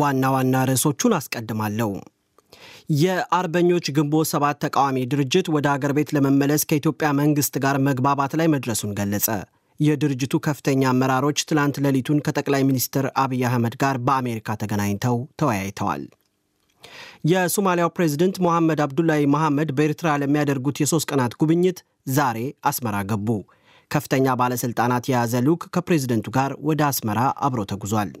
ዋና ዋና ርዕሶቹን አስቀድማለሁ። የአርበኞች ግንቦት ሰባት ተቃዋሚ ድርጅት ወደ አገር ቤት ለመመለስ ከኢትዮጵያ መንግስት ጋር መግባባት ላይ መድረሱን ገለጸ። የድርጅቱ ከፍተኛ አመራሮች ትላንት ሌሊቱን ከጠቅላይ ሚኒስትር አብይ አህመድ ጋር በአሜሪካ ተገናኝተው ተወያይተዋል። የሶማሊያው ፕሬዝደንት ሞሐመድ አብዱላሂ መሐመድ በኤርትራ ለሚያደርጉት የሦስት ቀናት ጉብኝት ዛሬ አስመራ ገቡ። ከፍተኛ ባለሥልጣናት የያዘ ልዑክ ከፕሬዝደንቱ ጋር ወደ አስመራ አብሮ ተጉዟል።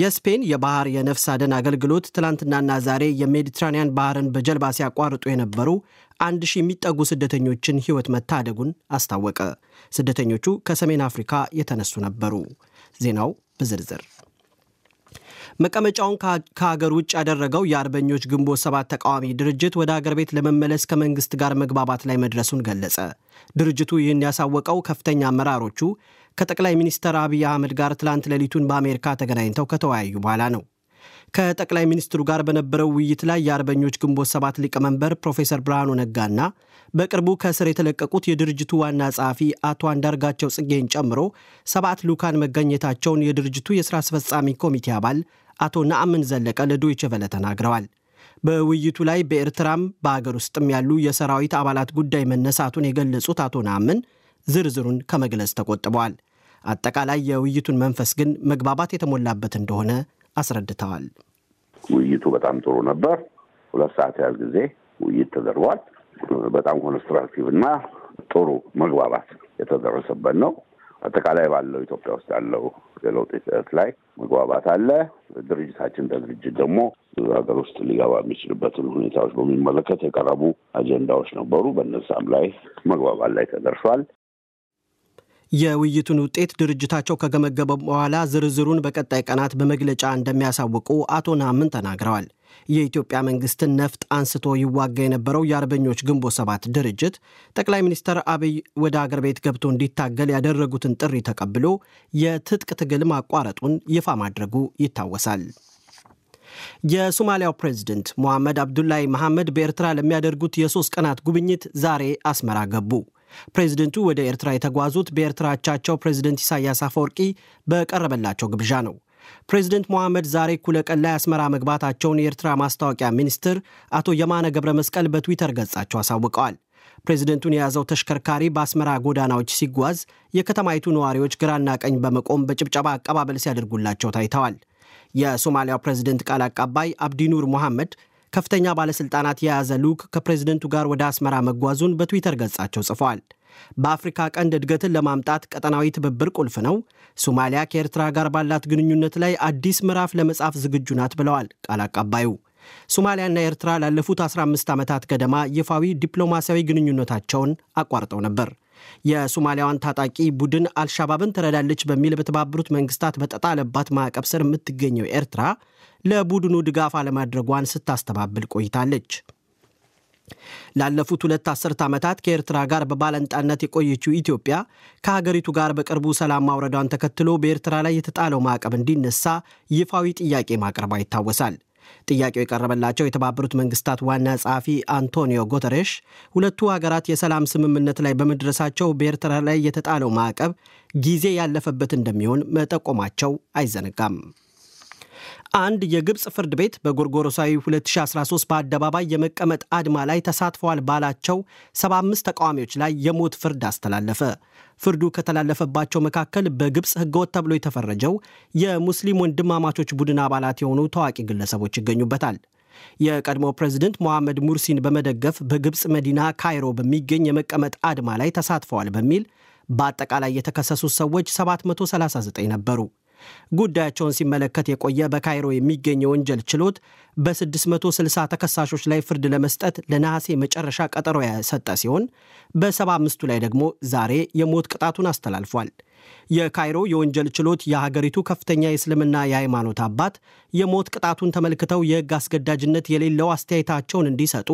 የስፔን የባህር የነፍስ አደን አገልግሎት ትላንትናና ዛሬ የሜዲትራኒያን ባህርን በጀልባ ሲያቋርጡ የነበሩ አንድ ሺህ የሚጠጉ ስደተኞችን ሕይወት መታደጉን አስታወቀ። ስደተኞቹ ከሰሜን አፍሪካ የተነሱ ነበሩ። ዜናው በዝርዝር መቀመጫውን ከሀገር ውጭ ያደረገው የአርበኞች ግንቦት ሰባት ተቃዋሚ ድርጅት ወደ አገር ቤት ለመመለስ ከመንግስት ጋር መግባባት ላይ መድረሱን ገለጸ። ድርጅቱ ይህን ያሳወቀው ከፍተኛ አመራሮቹ ከጠቅላይ ሚኒስትር አብይ አህመድ ጋር ትላንት ሌሊቱን በአሜሪካ ተገናኝተው ከተወያዩ በኋላ ነው። ከጠቅላይ ሚኒስትሩ ጋር በነበረው ውይይት ላይ የአርበኞች ግንቦት ሰባት ሊቀመንበር ፕሮፌሰር ብርሃኑ ነጋና በቅርቡ ከእስር የተለቀቁት የድርጅቱ ዋና ጸሐፊ አቶ አንዳርጋቸው ጽጌን ጨምሮ ሰባት ልዑካን መገኘታቸውን የድርጅቱ የሥራ አስፈጻሚ ኮሚቴ አባል አቶ ነአምን ዘለቀ ለዶይቸ ቨለ ተናግረዋል። በውይይቱ ላይ በኤርትራም በአገር ውስጥም ያሉ የሰራዊት አባላት ጉዳይ መነሳቱን የገለጹት አቶ ነአምን ዝርዝሩን ከመግለጽ ተቆጥበዋል። አጠቃላይ የውይይቱን መንፈስ ግን መግባባት የተሞላበት እንደሆነ አስረድተዋል። ውይይቱ በጣም ጥሩ ነበር። ሁለት ሰዓት ያህል ጊዜ ውይይት ተደርጓል። በጣም ኮንስትራክቲቭ እና ጥሩ መግባባት የተደረሰበት ነው። አጠቃላይ ባለው ኢትዮጵያ ውስጥ ያለው የለውጥ ሂደት ላይ መግባባት አለ። ድርጅታችን እንደ ድርጅት ደግሞ ሀገር ውስጥ ሊገባ የሚችልበትን ሁኔታዎች በሚመለከት የቀረቡ አጀንዳዎች ነበሩ። በነዛም ላይ መግባባት ላይ ተደርሷል። የውይይቱን ውጤት ድርጅታቸው ከገመገበ በኋላ ዝርዝሩን በቀጣይ ቀናት በመግለጫ እንደሚያሳውቁ አቶ ናምን ተናግረዋል። የኢትዮጵያ መንግስትን ነፍጥ አንስቶ ይዋጋ የነበረው የአርበኞች ግንቦት ሰባት ድርጅት ጠቅላይ ሚኒስትር አብይ ወደ አገር ቤት ገብቶ እንዲታገል ያደረጉትን ጥሪ ተቀብሎ የትጥቅ ትግል ማቋረጡን ይፋ ማድረጉ ይታወሳል። የሶማሊያው ፕሬዝደንት ሞሐመድ አብዱላሂ መሐመድ በኤርትራ ለሚያደርጉት የሶስት ቀናት ጉብኝት ዛሬ አስመራ ገቡ። ፕሬዝደንቱ ወደ ኤርትራ የተጓዙት በኤርትራቻቸው ፕሬዚደንት ፕሬዝደንት ኢሳያስ አፈወርቂ በቀረበላቸው ግብዣ ነው። ፕሬዚደንት ሞሐመድ ዛሬ ኩለቀን ላይ አስመራ መግባታቸውን የኤርትራ ማስታወቂያ ሚኒስትር አቶ የማነ ገብረ መስቀል በትዊተር ገጻቸው አሳውቀዋል። ፕሬዚደንቱን የያዘው ተሽከርካሪ በአስመራ ጎዳናዎች ሲጓዝ የከተማይቱ ነዋሪዎች ግራና ቀኝ በመቆም በጭብጨባ አቀባበል ሲያደርጉላቸው ታይተዋል። የሶማሊያው ፕሬዝደንት ቃል አቀባይ አብዲኑር ሞሐመድ ከፍተኛ ባለሥልጣናት የያዘ ልዑክ ከፕሬዝደንቱ ጋር ወደ አስመራ መጓዙን በትዊተር ገጻቸው ጽፏል። በአፍሪካ ቀንድ እድገትን ለማምጣት ቀጠናዊ ትብብር ቁልፍ ነው። ሶማሊያ ከኤርትራ ጋር ባላት ግንኙነት ላይ አዲስ ምዕራፍ ለመጻፍ ዝግጁ ናት ብለዋል ቃል አቀባዩ። ሶማሊያና ኤርትራ ላለፉት 15 ዓመታት ገደማ ይፋዊ ዲፕሎማሲያዊ ግንኙነታቸውን አቋርጠው ነበር። የሶማሊያዋን ታጣቂ ቡድን አልሻባብን ትረዳለች በሚል በተባበሩት መንግስታት በጠጣለባት ማዕቀብ ስር የምትገኘው ኤርትራ ለቡድኑ ድጋፍ አለማድረጓን ስታስተባብል ቆይታለች። ላለፉት ሁለት አስርት ዓመታት ከኤርትራ ጋር በባለንጣነት የቆየችው ኢትዮጵያ ከሀገሪቱ ጋር በቅርቡ ሰላም ማውረዷን ተከትሎ በኤርትራ ላይ የተጣለው ማዕቀብ እንዲነሳ ይፋዊ ጥያቄ ማቅረቧ ይታወሳል። ጥያቄው የቀረበላቸው የተባበሩት መንግስታት ዋና ጸሐፊ አንቶኒዮ ጉተሬሽ ሁለቱ ሀገራት የሰላም ስምምነት ላይ በመድረሳቸው በኤርትራ ላይ የተጣለው ማዕቀብ ጊዜ ያለፈበት እንደሚሆን መጠቆማቸው አይዘነጋም። አንድ የግብፅ ፍርድ ቤት በጎርጎሮሳዊ 2013 በአደባባይ የመቀመጥ አድማ ላይ ተሳትፈዋል ባላቸው 75 ተቃዋሚዎች ላይ የሞት ፍርድ አስተላለፈ። ፍርዱ ከተላለፈባቸው መካከል በግብፅ ሕገወጥ ተብሎ የተፈረጀው የሙስሊም ወንድማማቾች ቡድን አባላት የሆኑ ታዋቂ ግለሰቦች ይገኙበታል። የቀድሞ ፕሬዝደንት ሞሐመድ ሙርሲን በመደገፍ በግብፅ መዲና ካይሮ በሚገኝ የመቀመጥ አድማ ላይ ተሳትፈዋል በሚል በአጠቃላይ የተከሰሱት ሰዎች 739 ነበሩ። ጉዳያቸውን ሲመለከት የቆየ በካይሮ የሚገኝ የወንጀል ችሎት በ660 ተከሳሾች ላይ ፍርድ ለመስጠት ለነሐሴ መጨረሻ ቀጠሮ የሰጠ ሲሆን በ75ቱ ላይ ደግሞ ዛሬ የሞት ቅጣቱን አስተላልፏል። የካይሮ የወንጀል ችሎት የሀገሪቱ ከፍተኛ የእስልምና የሃይማኖት አባት የሞት ቅጣቱን ተመልክተው የሕግ አስገዳጅነት የሌለው አስተያየታቸውን እንዲሰጡ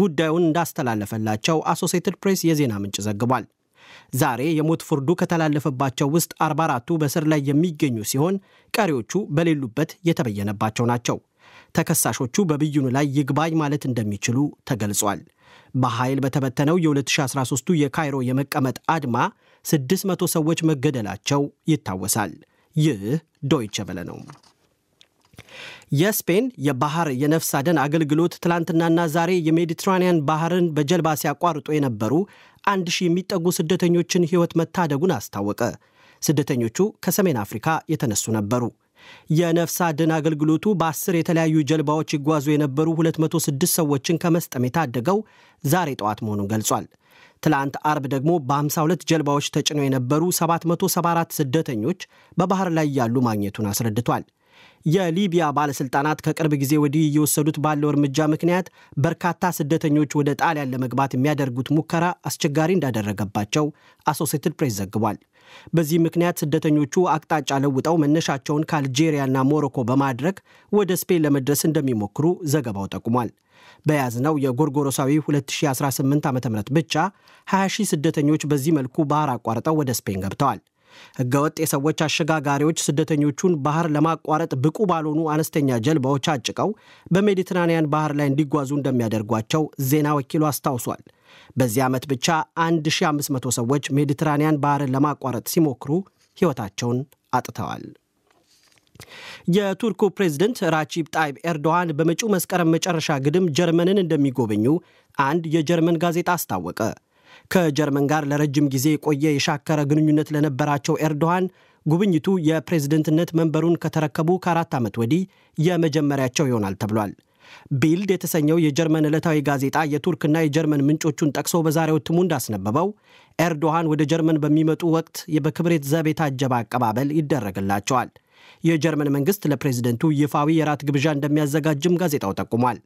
ጉዳዩን እንዳስተላለፈላቸው አሶሴትድ ፕሬስ የዜና ምንጭ ዘግቧል። ዛሬ የሞት ፍርዱ ከተላለፈባቸው ውስጥ 44ቱ በስር ላይ የሚገኙ ሲሆን ቀሪዎቹ በሌሉበት የተበየነባቸው ናቸው። ተከሳሾቹ በብይኑ ላይ ይግባኝ ማለት እንደሚችሉ ተገልጿል። በኃይል በተበተነው የ2013ቱ የካይሮ የመቀመጥ አድማ 600 ሰዎች መገደላቸው ይታወሳል። ይህ ዶይቸ በለ ነው። የስፔን የባህር የነፍስ አደን አገልግሎት ትላንትናና ዛሬ የሜዲትራኒያን ባህርን በጀልባ ሲያቋርጡ የነበሩ አንድ ሺህ የሚጠጉ ስደተኞችን ሕይወት መታደጉን አስታወቀ። ስደተኞቹ ከሰሜን አፍሪካ የተነሱ ነበሩ። የነፍስ አድን አገልግሎቱ በአስር የተለያዩ ጀልባዎች ይጓዙ የነበሩ 206 ሰዎችን ከመስጠም የታደገው ዛሬ ጠዋት መሆኑን ገልጿል። ትላንት አርብ ደግሞ በ52 ጀልባዎች ተጭነው የነበሩ 774 ስደተኞች በባህር ላይ ያሉ ማግኘቱን አስረድቷል። የሊቢያ ባለስልጣናት ከቅርብ ጊዜ ወዲህ እየወሰዱት ባለው እርምጃ ምክንያት በርካታ ስደተኞች ወደ ጣሊያን ለመግባት የሚያደርጉት ሙከራ አስቸጋሪ እንዳደረገባቸው አሶሴትድ ፕሬስ ዘግቧል። በዚህ ምክንያት ስደተኞቹ አቅጣጫ ለውጠው መነሻቸውን ከአልጄሪያና ሞሮኮ በማድረግ ወደ ስፔን ለመድረስ እንደሚሞክሩ ዘገባው ጠቁሟል። በያዝነው የጎርጎሮሳዊ 2018 ዓ ም ብቻ 20 ሺህ ስደተኞች በዚህ መልኩ ባህር አቋርጠው ወደ ስፔን ገብተዋል። ህገወጥ የሰዎች አሸጋጋሪዎች ስደተኞቹን ባህር ለማቋረጥ ብቁ ባልሆኑ አነስተኛ ጀልባዎች አጭቀው በሜዲትራንያን ባህር ላይ እንዲጓዙ እንደሚያደርጓቸው ዜና ወኪሉ አስታውሷል። በዚህ ዓመት ብቻ 1500 ሰዎች ሜዲትራንያን ባህርን ለማቋረጥ ሲሞክሩ ሕይወታቸውን አጥተዋል። የቱርኩ ፕሬዝደንት ራቺብ ጣይብ ኤርዶዋን በመጪው መስከረም መጨረሻ ግድም ጀርመንን እንደሚጎበኙ አንድ የጀርመን ጋዜጣ አስታወቀ። ከጀርመን ጋር ለረጅም ጊዜ የቆየ የሻከረ ግንኙነት ለነበራቸው ኤርዶዋን ጉብኝቱ የፕሬዝደንትነት መንበሩን ከተረከቡ ከአራት ዓመት ወዲህ የመጀመሪያቸው ይሆናል ተብሏል። ቢልድ የተሰኘው የጀርመን ዕለታዊ ጋዜጣ የቱርክና የጀርመን ምንጮቹን ጠቅሶ በዛሬው እትሙ እንዳስነበበው ኤርዶሃን ወደ ጀርመን በሚመጡ ወቅት በክብሬት ዘብ የታጀበ አቀባበል ይደረግላቸዋል። የጀርመን መንግሥት ለፕሬዝደንቱ ይፋዊ የራት ግብዣ እንደሚያዘጋጅም ጋዜጣው ጠቁሟል።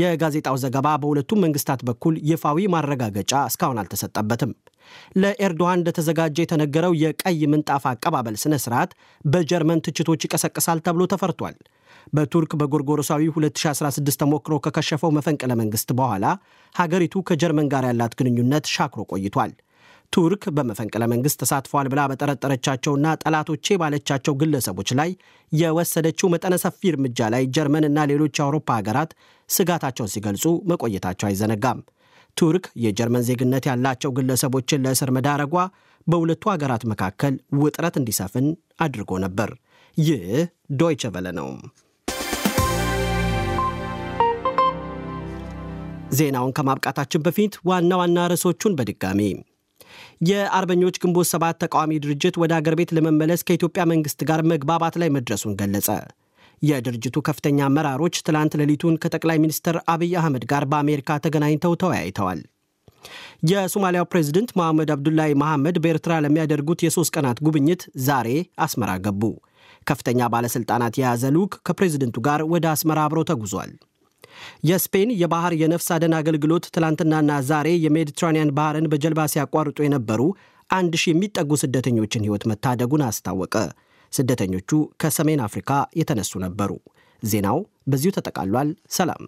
የጋዜጣው ዘገባ በሁለቱም መንግስታት በኩል ይፋዊ ማረጋገጫ እስካሁን አልተሰጠበትም። ለኤርዶሃን እንደተዘጋጀ የተነገረው የቀይ ምንጣፍ አቀባበል ስነ ስርዓት በጀርመን ትችቶች ይቀሰቅሳል ተብሎ ተፈርቷል። በቱርክ በጎርጎሮሳዊ 2016 ተሞክሮ ከከሸፈው መፈንቅለ መንግስት በኋላ ሀገሪቱ ከጀርመን ጋር ያላት ግንኙነት ሻክሮ ቆይቷል። ቱርክ በመፈንቅለ መንግስት ተሳትፏል ብላ በጠረጠረቻቸውና ጠላቶቼ ባለቻቸው ግለሰቦች ላይ የወሰደችው መጠነ ሰፊ እርምጃ ላይ ጀርመንና ሌሎች የአውሮፓ ሀገራት ስጋታቸውን ሲገልጹ መቆየታቸው አይዘነጋም። ቱርክ የጀርመን ዜግነት ያላቸው ግለሰቦችን ለእስር መዳረጓ በሁለቱ ሀገራት መካከል ውጥረት እንዲሰፍን አድርጎ ነበር። ይህ ዶይቸ ቨለ ነው። ዜናውን ከማብቃታችን በፊት ዋና ዋና ርዕሶቹን በድጋሚ የአርበኞች ግንቦት ሰባት ተቃዋሚ ድርጅት ወደ አገር ቤት ለመመለስ ከኢትዮጵያ መንግስት ጋር መግባባት ላይ መድረሱን ገለጸ። የድርጅቱ ከፍተኛ አመራሮች ትላንት ሌሊቱን ከጠቅላይ ሚኒስትር አብይ አህመድ ጋር በአሜሪካ ተገናኝተው ተወያይተዋል። የሶማሊያው ፕሬዝደንት መሐመድ አብዱላሂ መሐመድ በኤርትራ ለሚያደርጉት የሶስት ቀናት ጉብኝት ዛሬ አስመራ ገቡ። ከፍተኛ ባለሥልጣናት የያዘ ልዑክ ከፕሬዝደንቱ ጋር ወደ አስመራ አብረው ተጉዟል። የስፔን የባህር የነፍስ አደን አገልግሎት ትላንትናና ዛሬ የሜዲትራኒያን ባህርን በጀልባ ሲያቋርጡ የነበሩ አንድ ሺህ የሚጠጉ ስደተኞችን ሕይወት መታደጉን አስታወቀ። ስደተኞቹ ከሰሜን አፍሪካ የተነሱ ነበሩ። ዜናው በዚሁ ተጠቃሏል። ሰላም